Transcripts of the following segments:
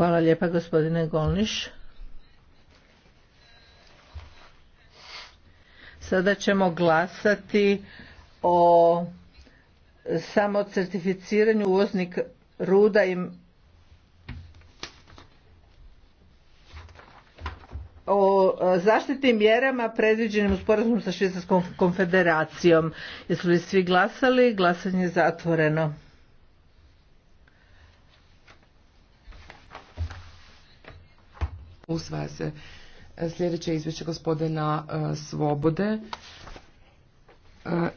Hvala lijepa gospodine Golniš. Sada ćemo glasati o samocertificiranju uvoznik ruda i o zaštitnim mjerama predviđenim u sporazumu sa Švicarskom konfederacijom. Jesu li svi glasali? Glasanje je zatvoreno. Usvaja se e, sljedeće izvješće gospodina e, Svobode. E,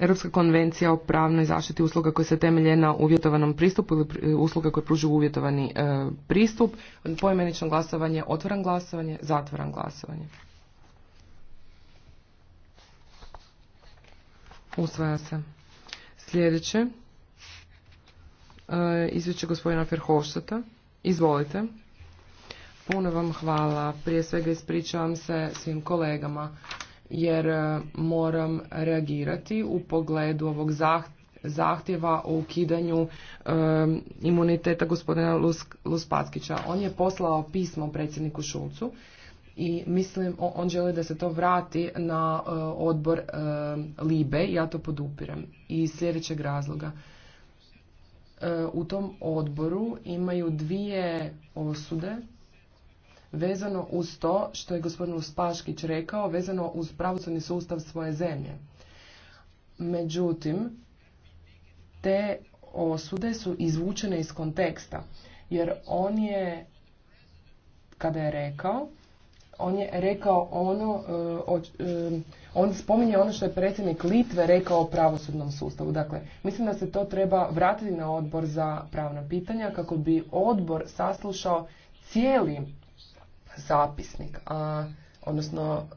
Europska konvencija o pravnoj zaštiti usluga koja se temelje na uvjetovanom pristupu ili usluga koje pruži uvjetovani pristup. Poimenično glasovanje, otvoran glasovanje, zatvoran glasovanje. Usvaja se. Sljedeće. Izvješće gospodina Ferhoštata. Izvolite. Puno vam hvala. Prije svega ispričavam se svim kolegama jer e, moram reagirati u pogledu ovog zahtjeva o ukidanju e, imuniteta gospodina Luspackića. On je poslao pismo predsjedniku Šulcu i mislim on želi da se to vrati na e, odbor Libe, ja to podupiram. iz sljedećeg razloga. u tom odboru imaju dvije osude vezano uz to što je gospodin Uspaškić rekao, vezano uz pravosudni sustav svoje zemlje. Međutim, te osude su izvučene iz konteksta, jer on je, kada je rekao, on je rekao ono, e, e, on spominje ono što je predsjednik Litve rekao o pravosudnom sustavu. Dakle, mislim da se to treba vratiti na odbor za pravna pitanja kako bi odbor saslušao cijeli zapisnik, a, odnosno,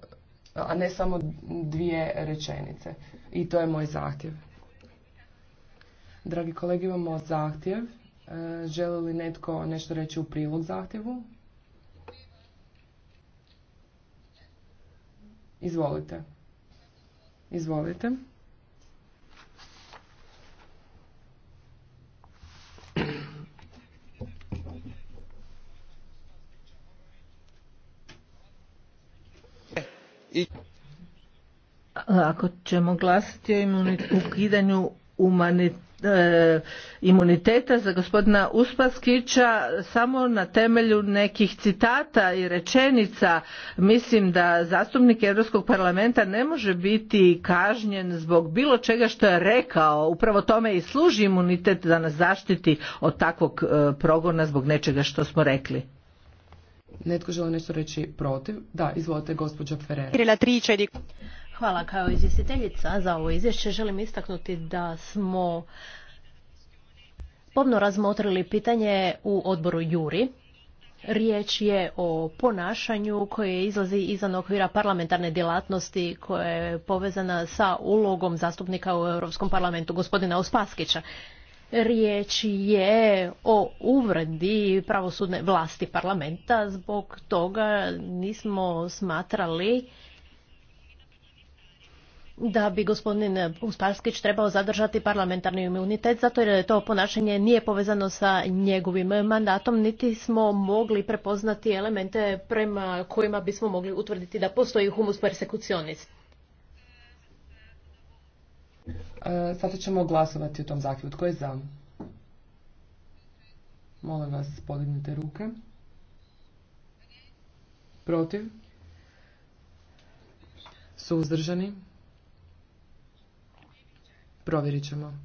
a ne samo dvije rečenice. I to je moj zahtjev. Dragi kolege, imamo zahtjev. E, želi li netko nešto reći u prilog zahtjevu? Izvolite. Izvolite. Ako ćemo glasati o ukidanju e, imuniteta za gospodina Uspaskića samo na temelju nekih citata i rečenica mislim da zastupnik Europskog parlamenta ne može biti kažnjen zbog bilo čega što je rekao upravo tome i služi imunitet da nas zaštiti od takvog e, progona zbog nečega što smo rekli Netko želi nešto reći protiv? Da, izvolite gospođa di Hvala kao izvjestiteljica za ovo izvješće. Želim istaknuti da smo pomno razmotrili pitanje u odboru Juri. Riječ je o ponašanju koje izlazi izvan okvira parlamentarne djelatnosti koja je povezana sa ulogom zastupnika u Europskom parlamentu gospodina Ospaskića. Riječ je o uvredi pravosudne vlasti parlamenta, zbog toga nismo smatrali da bi gospodin Uspaskić trebao zadržati parlamentarni imunitet zato jer to ponašanje nije povezano sa njegovim mandatom niti smo mogli prepoznati elemente prema kojima bismo mogli utvrditi da postoji humus persekucionist. E, Sada ćemo glasovati o tom zahtjevu. Tko je za? Molim vas, podignite ruke. Protiv? Suzdržani? Provjerit ćemo.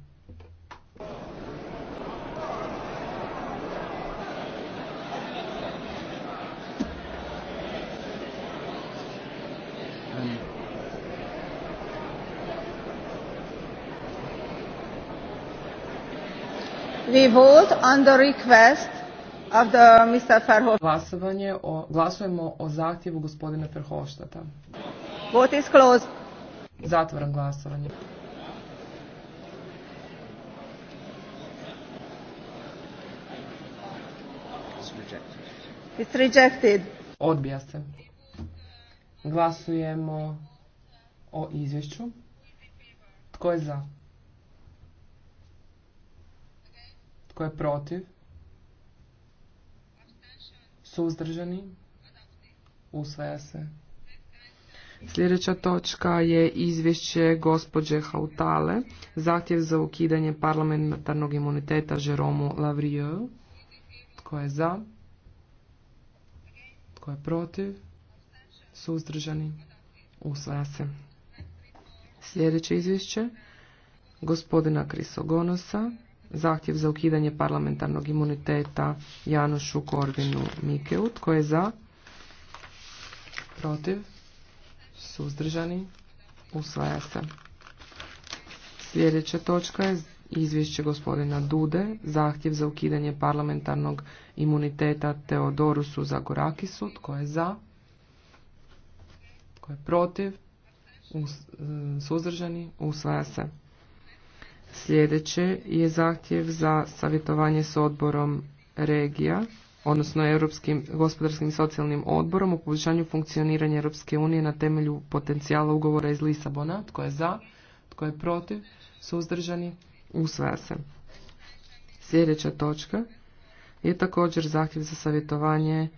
We vote on the request of the Mr. Glasovanje o, glasujemo o zahtjevu gospodina Verhofstadta. Vote is closed. Zatvoram glasovanje. rejected. It's rejected. Odbija se. Glasujemo o izvješću. Tko je za? Tko je protiv? Suzdržani? Usvaja se. Sljedeća točka je izvješće gospođe Hautale, zahtjev za ukidanje parlamentarnog imuniteta Žeromu Lavrieu. Tko je za? Tko je protiv? Suzdržani? Usvaja se. Sljedeće izvješće gospodina Krisogonosa, zahtjev za ukidanje parlamentarnog imuniteta Janošu Korvinu Mikeu. Tko je za? Protiv? Suzdržani? Usvaja se. Sljedeća točka je izvješće gospodina Dude, zahtjev za ukidanje parlamentarnog imuniteta Teodorusu Zagorakisu. Tko je za? Tko je protiv? E, suzdržani? Usvaja se. Sljedeće je zahtjev za savjetovanje s odborom regija, odnosno Europskim gospodarskim i socijalnim odborom o poboljšanju funkcioniranja Europske unije na temelju potencijala ugovora iz Lisabona. Tko je za? Tko je protiv? Suzdržani? Usvaja se. Sljedeća točka je također zahtjev za savjetovanje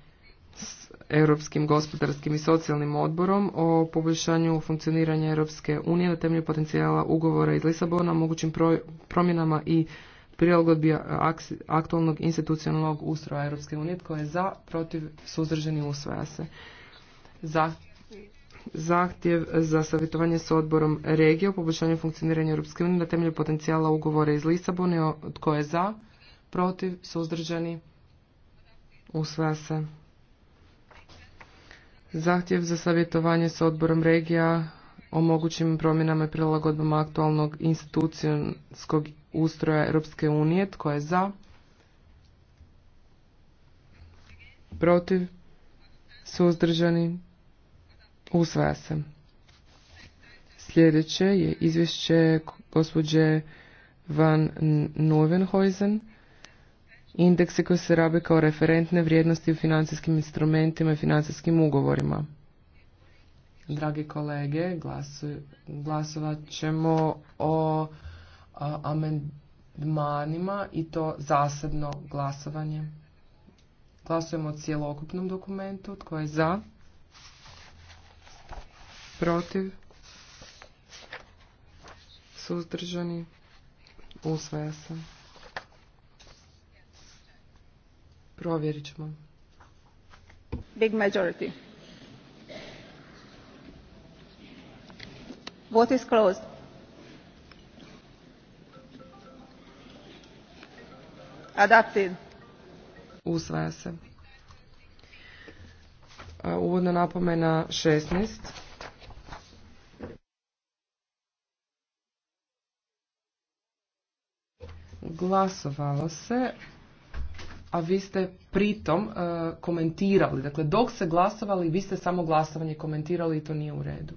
s Europskim gospodarskim i socijalnim odborom o poboljšanju funkcioniranja Europske unije na temelju potencijala ugovora iz Lisabona, mogućim promjenama i prilagodbi aktualnog institucionalnog ustroja Europske unije. koje je za, protiv, suzdržani, usvaja se. Za, zahtjev za savjetovanje s odborom regije o poboljšanju funkcioniranja Europske unije na temelju potencijala ugovora iz Lisabona. Tko je za, protiv, suzdržani, usvaja se zahtjev za savjetovanje sa odborom regija o mogućim promjenama i prilagodbama aktualnog institucijskog ustroja Europske unije. Tko je za? Protiv? Suzdržani? Usvaja se. Sljedeće je izvješće gospođe Van Novenhuizen indeksi koji se rabe kao referentne vrijednosti u financijskim instrumentima i financijskim ugovorima. Dragi kolege, glasovat ćemo o amendmanima i to zasebno glasovanje. Glasujemo o cijelokupnom dokumentu. Tko je za? Protiv? Suzdržani? Usvaja se. Provjerit ćemo. Big majority. Vote is closed. Adapted. Usvaja se. Uvodna napomena 16. Glasovalo se a vi ste pritom e, komentirali. Dakle, dok se glasovali, vi ste samo glasovanje komentirali i to nije u redu.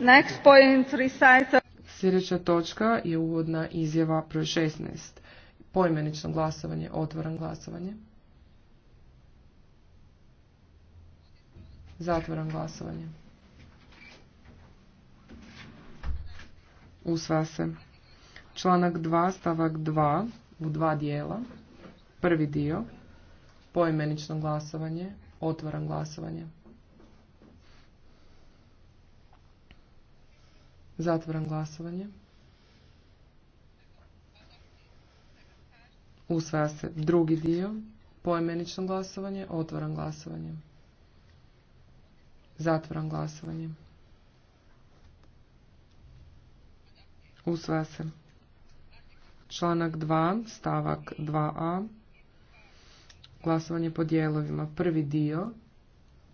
Next point, Sljedeća točka je uvodna izjava broj 16. Pojmenično glasovanje, otvoran glasovanje. Zatvoran glasovanje. Usva se. Članak 2, stavak 2 u dva dijela. Prvi dio, poimenično glasovanje, otvoran glasovanje. Zatvoran glasovanje. Usvaja se drugi dio, poimenično glasovanje, otvoran glasovanje. Zatvoran glasovanje. Usvaja se. Članak 2, stavak 2a, glasovanje po dijelovima. Prvi dio,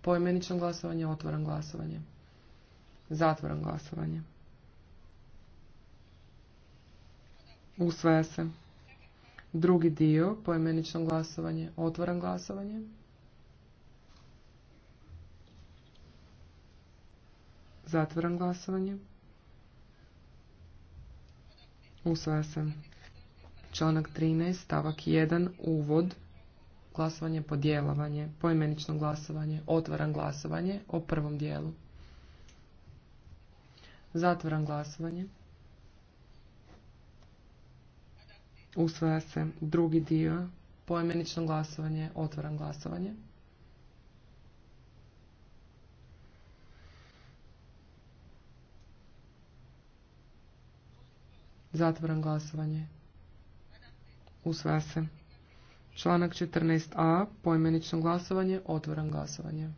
poimenično glasovanje, otvoran glasovanje, zatvoran glasovanje. Usvaja se. Drugi dio, poimenično glasovanje, otvoran glasovanje. Zatvoran glasovanje. Usvaja se. Članak 13, stavak 1, uvod, glasovanje, podjelovanje, poimenično glasovanje, otvaram glasovanje o prvom dijelu. Zatvoran glasovanje. Usvaja se drugi dio, poimenično glasovanje, otvaram glasovanje. Zatvoran glasovanje. Usvaja se. Članak 14a. Poimenično glasovanje. otvoran glasovanje.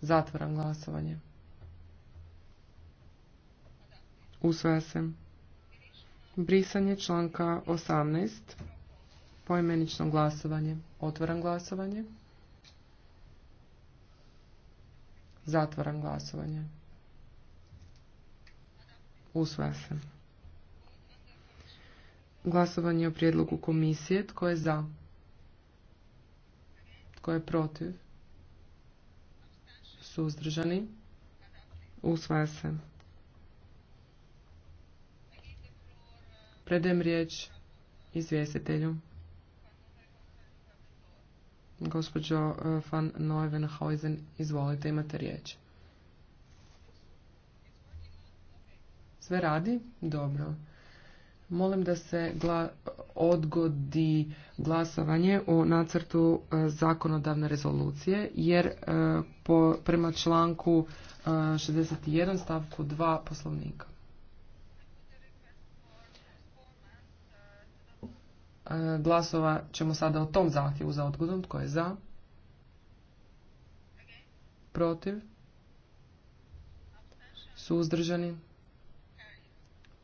Zatvoran glasovanje. Usvaja se. Brisanje članka 18. Poimenično glasovanje. otvoran glasovanje. Zatvoran glasovanje. Usvaja se. Glasovanje o prijedlogu komisije. Tko je za? Tko je protiv? Suzdržani? Usvaja se. Predajem riječ izvjestitelju. Gospođo eh, van Neuvenhausen, izvolite, imate riječ. Sve radi? Dobro. Molim da se odgodi glasovanje o nacrtu e, zakonodavne rezolucije, jer e, prema članku 61 e, stavku 2 poslovnika. Glasova ćemo sada o tom zahtjevu za odgodom. Tko je za? Protiv? Suzdržani?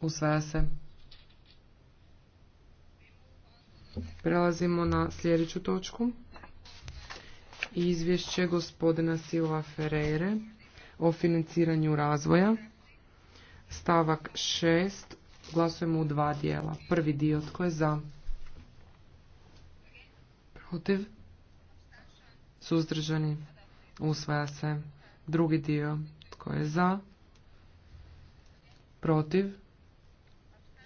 Usvaja se. Prelazimo na sljedeću točku. Izvješće gospodina Silva Ferreire o financiranju razvoja. Stavak 6. Glasujemo u dva dijela. Prvi dio tko je za? Protiv? Suzdržani? Usvaja se. Drugi dio tko je za? Protiv?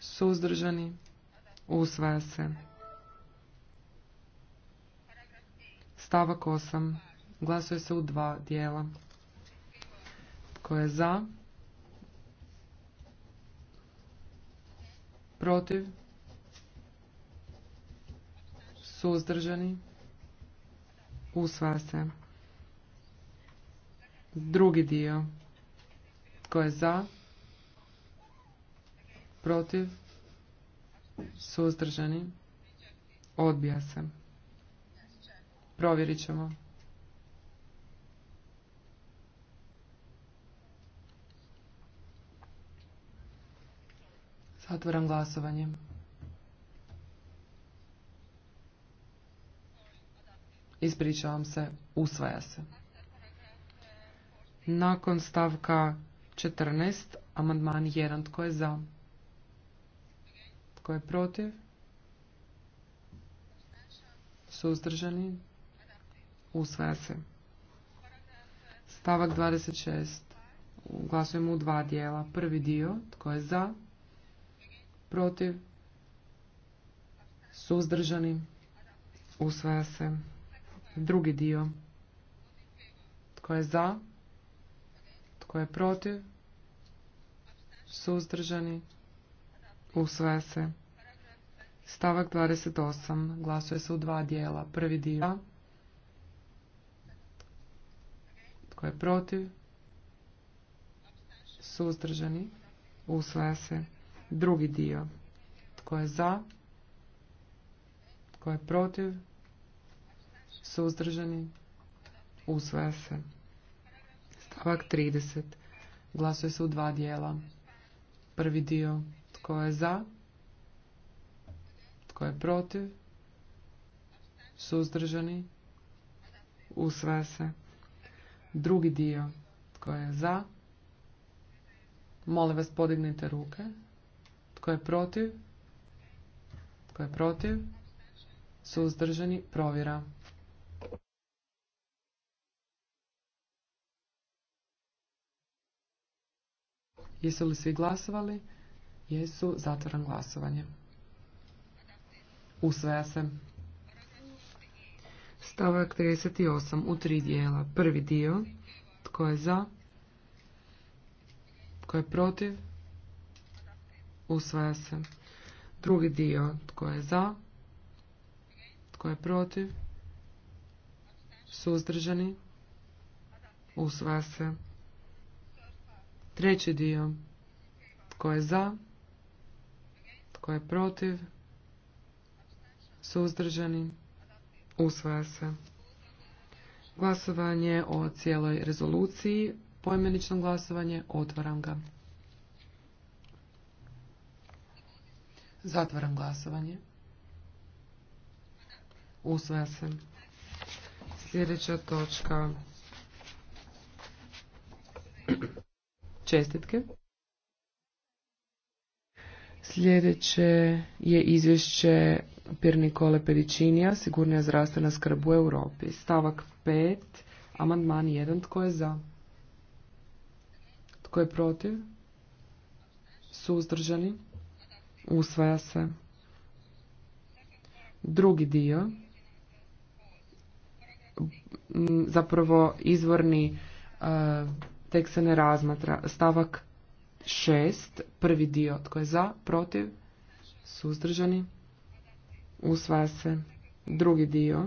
suzdržani, usvaja se. Stavak 8. Glasuje se u dva dijela. Tko je za? Protiv? Suzdržani? Usvaja se. Drugi dio. Tko je za? protiv, suzdržani, odbija se. Provjerit ćemo. Zatvoram glasovanje. Ispričavam se, usvaja se. Nakon stavka 14, amandman 1, tko je za? Tko je protiv? Suzdržani? Usvaja se. Stavak 26. Glasujemo u dva dijela. Prvi dio, tko je za? Protiv? Suzdržani? Usvaja se. Drugi dio. Tko je za? Tko je protiv? Suzdržani? Usvaja se. Stavak 28. Glasuje se u dva dijela. Prvi dio. Tko je protiv? Suzdržani. Usvaja se. Drugi dio. Tko je za? Tko je protiv? Suzdržani. Usvaja se. Stavak 30. Glasuje se u dva dijela. Prvi dio. Tko je za? Tko je protiv? Suzdržani? Usve se. Drugi dio. Tko je za? Molim vas podignite ruke. Tko je protiv? Tko je protiv? Suzdržani? Provjera. Jesu li svi glasovali? Jesu, zatvoram glasovanje. Usvaja se. Stavak 38 u tri dijela. Prvi dio, tko je za, tko je protiv, usvaja se. Drugi dio, tko je za, tko je protiv, suzdržani, usvaja se. Treći dio, tko je za, tko je protiv? Suzdržani? Usvaja se. Glasovanje o cijeloj rezoluciji. Pojmenično glasovanje. Otvaram ga. Zatvaram glasovanje. Usvaja se. Sljedeća točka. Čestitke. Sljedeće je izvješće Pir Nikole sigurnja sigurnija zdravstvena skrb u Europi. Stavak 5, amandman 1, tko je za? Tko je protiv? Suzdržani? Usvaja se. Drugi dio, zapravo izvorni e, tek se ne razmatra. Stavak šest, prvi dio tko je za, protiv, suzdržani, usvaja se. Drugi dio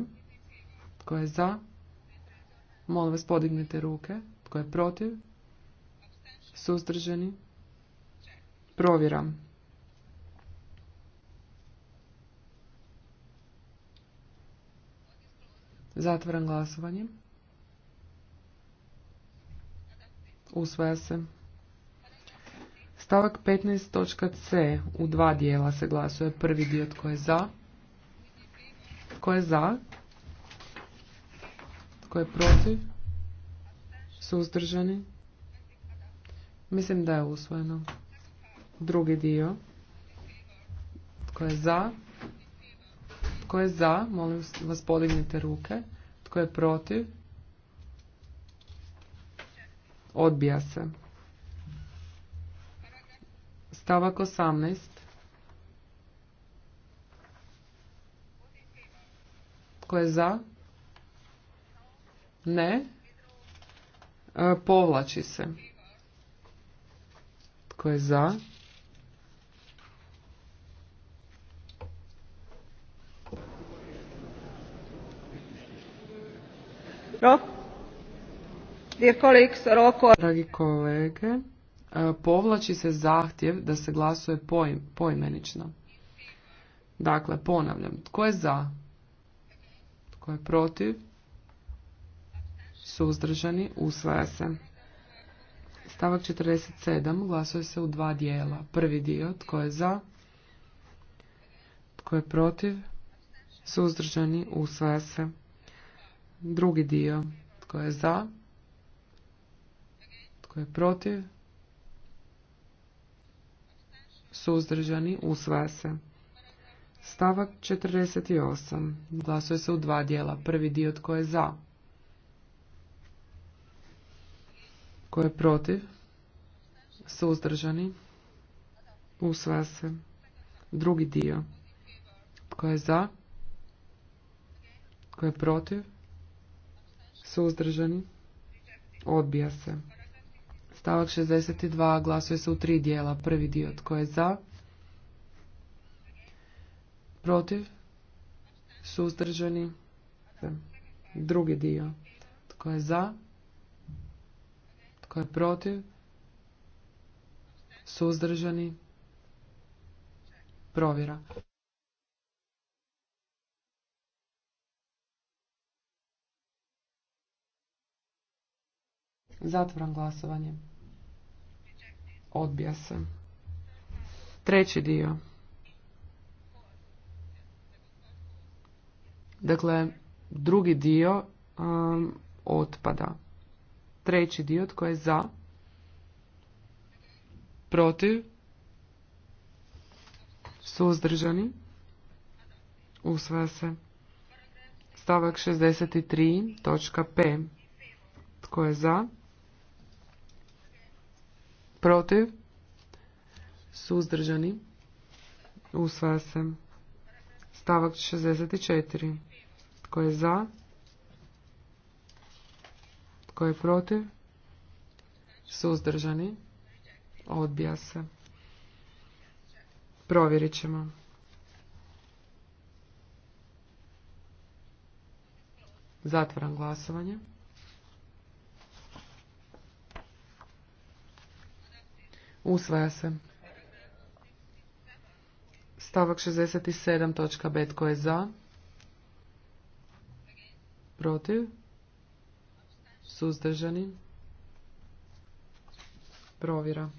tko je za, molim vas podignite ruke, tko je protiv, suzdržani, provjeram. Zatvaram glasovanje. Usvaja se. Stavak 15 točka C u dva dijela se glasuje. Prvi dio tko je za? Tko je za? Tko je protiv? Suzdržani? Mislim da je usvojeno. Drugi dio. Tko je za? Tko je za? Molim vas podignite ruke. Tko je protiv? Odbija se. Stavak 18. Ko je za? Ne. E, povlači se. Tko je za? Dragi kolege, E, povlači se zahtjev da se glasuje poimenično. Dakle, ponavljam, tko je za? Tko je protiv? Suzdržani, usvaja se. Stavak 47 glasuje se u dva dijela. Prvi dio, tko je za? Tko je protiv? Suzdržani, usvaja se. Drugi dio, tko je za? Tko je protiv? suzdržani, usvaja se. Stavak 48. Glasuje se u dva dijela. Prvi dio tko je za. Tko je protiv? Suzdržani. Usvaja se. Drugi dio. Tko je za? Tko je protiv? Suzdržani. Odbija se. Stavak 62 glasuje se u tri dijela. Prvi dio tko je za? Protiv? Suzdržani? Drugi dio. Tko je za? Tko je protiv? Suzdržani? Provjera. Zatvoram glasovanje. Odbija se. Treći dio. Dakle, drugi dio um, otpada. Treći dio tko je za? Protiv? Suzdržani? Usvaja se. Stavak 63. Točka P. Tko je za? protiv, suzdržani, usvaja se. Stavak 64. Tko je za? Tko je protiv? Suzdržani. Odbija se. Provjerit ćemo. Zatvaram glasovanje. Usvaja se. Stavak 67. točka bet Tko je za? Protiv? Suzdržani? Provjera.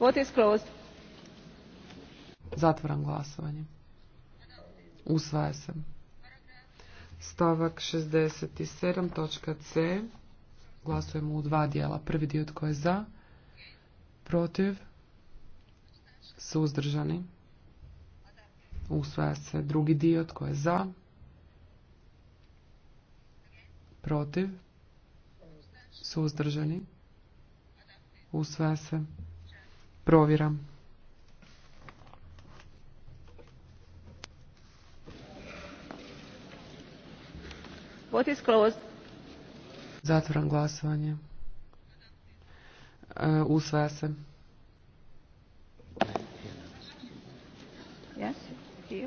Vote is closed. Zatvoram glasovanje. Usvaja se stavak 67 točka C glasujemo u dva dijela prvi dio tko je za protiv suzdržani usvaja se drugi dio tko je za protiv suzdržani usvaja se provjeram What Zatvoram glasovanje. E, usvaja se. Yes,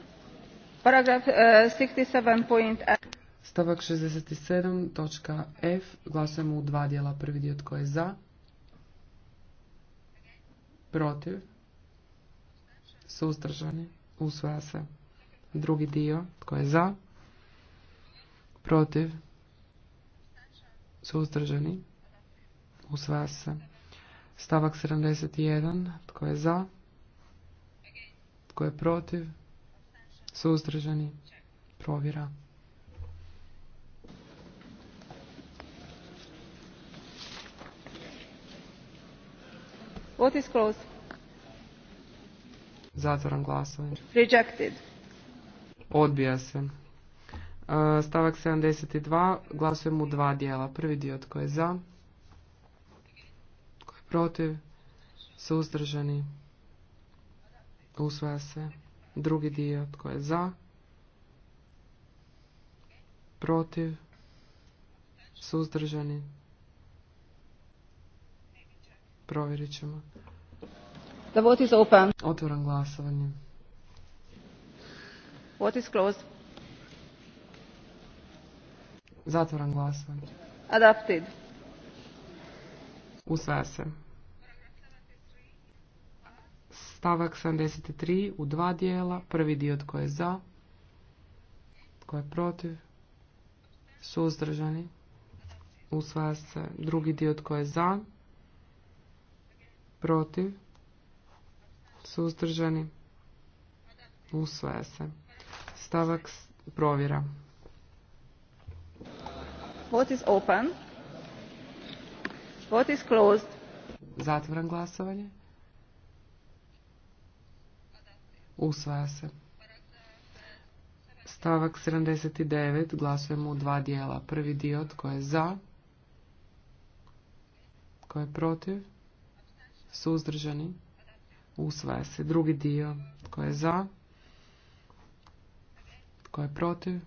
Paragraf uh, Stavak 67, točka F, glasujemo u dva dijela. Prvi dio tko je za, protiv, suzdržani, usvaja se. Drugi dio tko je za, protiv, suzdržani, usvaja se. Stavak 71, tko je za, tko je protiv, suzdržani, provjera. What is closed? Zatvoram glasovanje. Rejected. Odbija se. Stavak 72. Glasujemo u dva dijela. Prvi dio tko je za, tko je protiv, suzdržani, usvaja se. Drugi dio tko je za, protiv, suzdržani. Provjerit ćemo. Da glasovanje. za Otvoram glasovanje. Zatvoran glasovanje. Adapted. Usvaja se. Stavak 73 u dva dijela. Prvi dio tko je za, tko je protiv, suzdržani. Usvaja se drugi dio tko je za, protiv, suzdržani. Usvaja se. Stavak provjera. What is open. What is closed. glasovanje. Usvaja se. Stavak 79. Glasujemo u dva dijela. Prvi dio tko je za, tko je protiv, suzdržani. Usvaja se. Drugi dio tko je za, tko je protiv,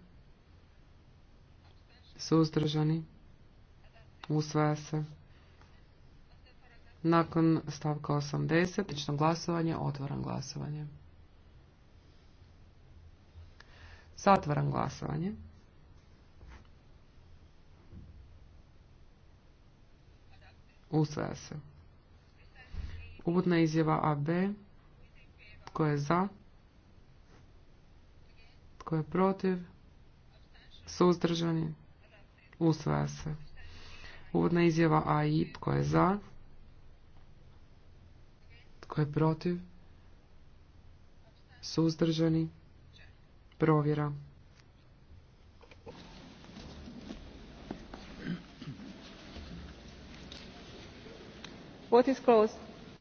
suzdržani, usvaja se. Nakon stavka 80, lično glasovanje, otvoran glasovanje. Zatvaram glasovanje. Usvaja se. Uvodna izjava AB. Tko je za? Tko je protiv? Suzdržani? Usvaja se. Uvodna izjava AI, tko je za? Tko je protiv? Suzdržani? Provjera.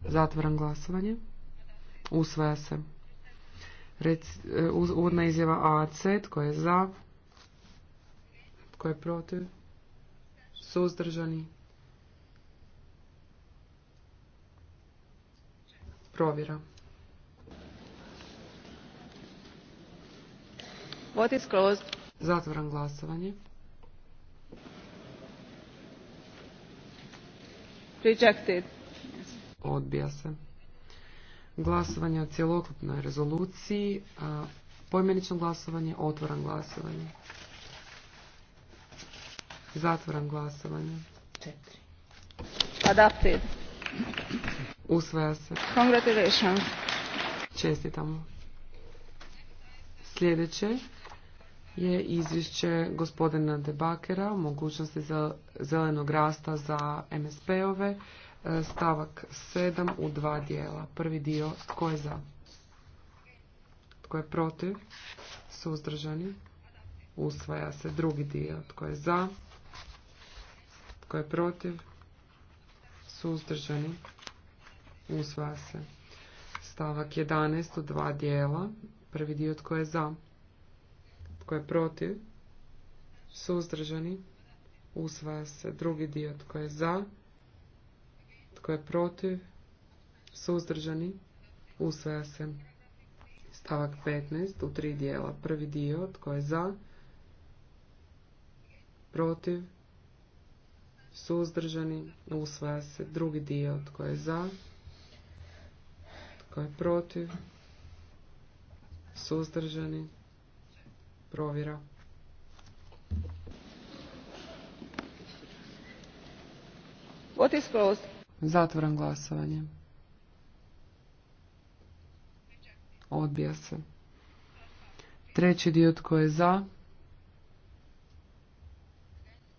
Zatvoran glasovanje. Usvaja se. E, uvodna izjava AC, tko je za? Tko je protiv? Suzdržani? Provjera. What glasovanje. Rejected. Odbija se. Glasovanje o cjelokupnoj rezoluciji. Pojmenično glasovanje, otvoran glasovanje. Zatvaram glasovanje. Četiri. Adapted. Usvaja se. Congratulations. Čestitamo. Sljedeće je izvješće gospodina Debakera o mogućnosti zelenog rasta za MSP-ove, e, stavak 7 u dva dijela. Prvi dio, tko je za? Tko je protiv? Suzdržani? Usvaja se drugi dio, tko je za? Tko je protiv? Suzdržani? Usvaja se. Stavak 11 u dva dijela. Prvi dio tko je za? Tko je protiv? Suzdržani? Usvaja se. Drugi dio tko je za? Tko je protiv? Suzdržani? Usvaja se. Stavak 15 u tri dijela. Prvi dio tko je za? Protiv? suzdržani, usvaja se drugi dio tko je za, tko je protiv, suzdržani, provjera. Zatvoram glasovanje. Odbija se. Treći dio tko je za,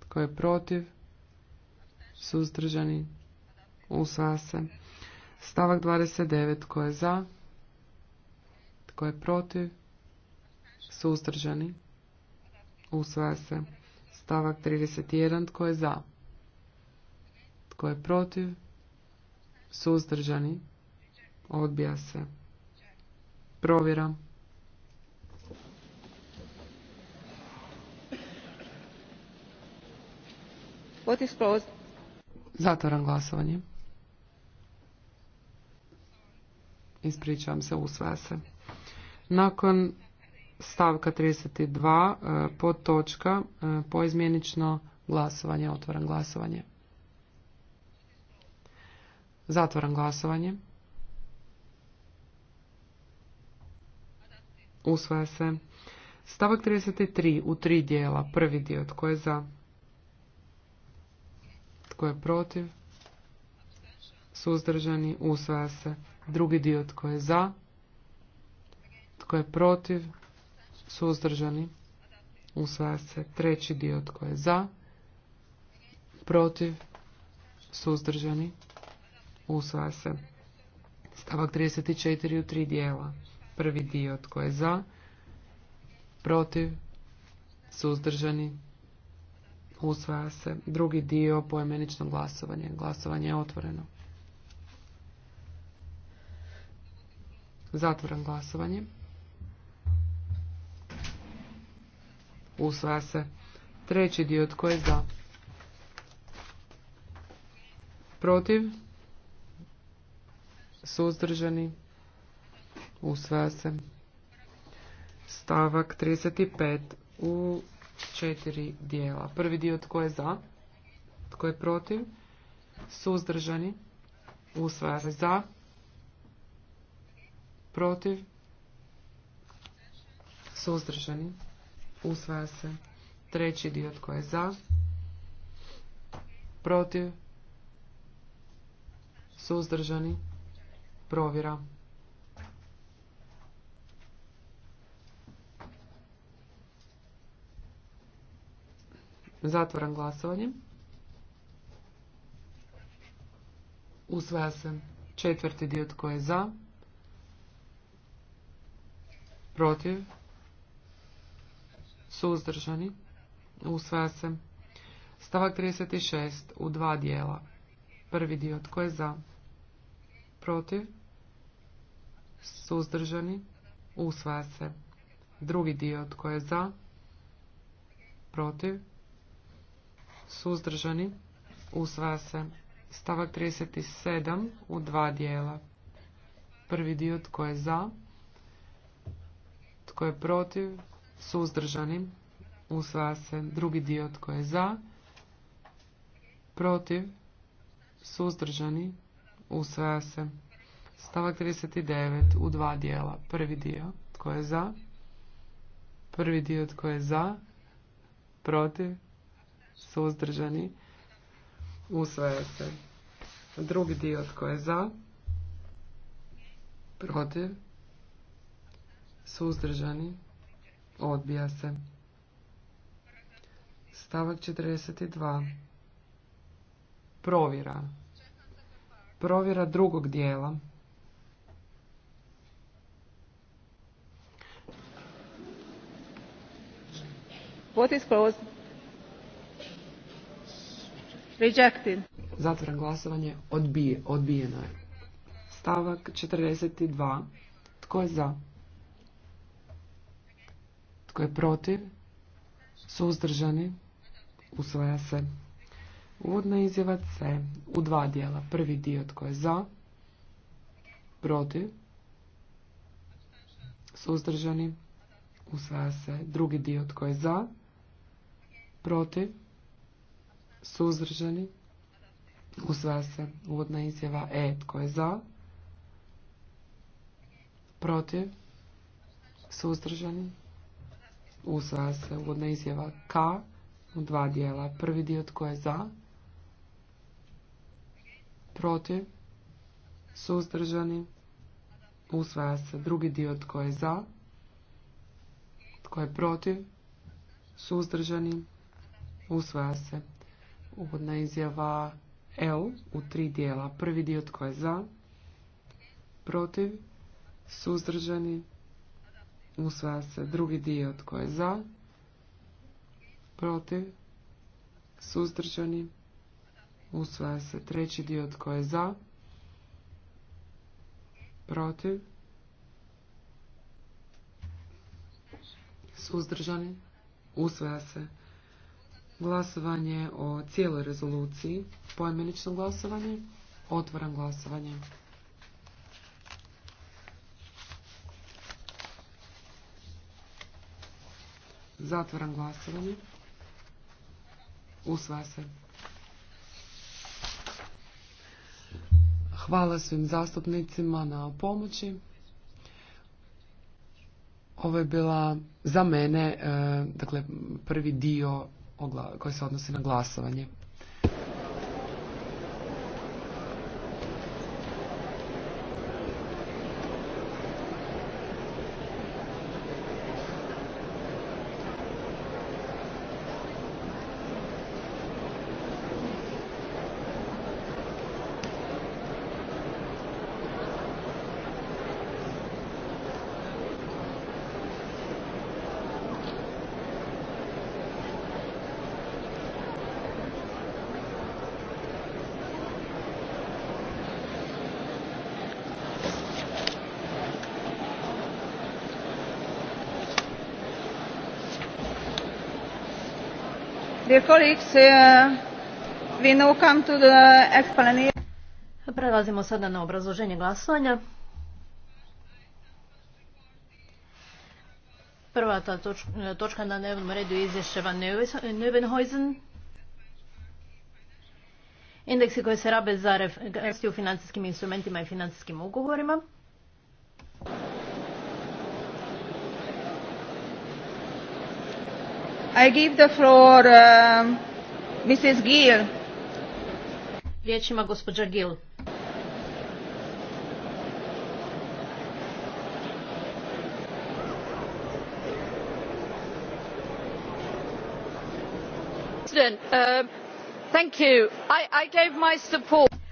tko je protiv, suzdržani, usvaja se. Stavak 29. Tko je za? Tko je protiv? Suzdržani. Usvaja se. Stavak 31. Tko je za? Tko je protiv? Suzdržani. Odbija se. Provjera. What is Zatvaram glasovanje. Ispričavam se, usvaja se. Nakon stavka 32 pod točka poizmjenično glasovanje, otvaram glasovanje. Zatvaram glasovanje. Usvaja se. Stavak 33 u tri dijela. Prvi dio tko je za? Tko je protiv? Suzdržani, usvaja se. Drugi dio tko je za? Tko je protiv? Suzdržani, usvaja se. Treći dio tko je za? Protiv? Suzdržani, usvaja se. Stavak 34 u tri dijela. Prvi dio tko je za? Protiv? Suzdržani, Usvaja se. Drugi dio poimenično glasovanje. Glasovanje je otvoreno. Zatvoran glasovanje. Usvaja se. Treći dio tko je za? Protiv? Suzdržani? Usvaja se. Stavak 35. U četiri dijela. Prvi dio tko je za, tko je protiv, suzdržani, usvaja se za, protiv, suzdržani, usvaja se treći dio tko je za, protiv, suzdržani, provjera. Zatvoram glasovanje. Usvaja se četvrti dio tko je za. Protiv. Suzdržani. Usvaja se. Stavak 36 u dva dijela. Prvi dio tko je za. Protiv. Suzdržani. Usvaja se. Drugi dio tko je za. Protiv suzdržani, usvaja se. Stavak 37 u dva dijela. Prvi dio tko je za, tko je protiv, suzdržani, usvaja se. Drugi dio tko je za, protiv, suzdržani, usvaja se. Stavak 39 u dva dijela. Prvi dio tko je za, prvi dio tko je za, protiv, suzdržani, usvaja se. Drugi dio tko je za, protiv, suzdržani, odbija se. Stavak 42. Provjera. Provjera drugog dijela. What Rejected. glasovanje. Odbije, odbijeno je. Stavak 42. Tko je za? Tko je protiv? Suzdržani? Usvaja se. Uvodna izjava C. U dva dijela. Prvi dio tko je za? Protiv? Suzdržani? Usvaja se. Drugi dio tko je za? Protiv? suzdržani, usvaja se uvodna izjava E, tko je za, protiv, suzdržani, usvaja se uvodna izjava K u dva dijela. Prvi dio tko je za, protiv, suzdržani, usvaja se drugi dio tko je za, tko je protiv, suzdržani, usvaja se. Uvodna izjava L u tri dijela. Prvi dio tko je za, protiv, suzdržani, usvaja se. Drugi dio tko je za, protiv, suzdržani, usvaja se. Treći dio tko je za, protiv, suzdržani, usvaja se. Glasovanje o cijeloj rezoluciji, poimenično glasovanje, otvoram glasovanje. Zatvoram glasovanje. Usvaja se. Hvala svim zastupnicima na pomoći. Ovo je bila za mene, e, dakle, prvi dio koji se odnosi na glasovanje. Dear colleagues, uh, we now come to the Prelazimo sada na obrazloženje glasovanja. Prva ta točka, točka na dnevnom redu je izvješće Van Indeksi koji se rabe za u financijskim instrumentima i financijskim ugovorima. I give the floor uh, um, Mrs. Gill. Riječ gospođa Gill. President, um, thank you. I, I gave my support.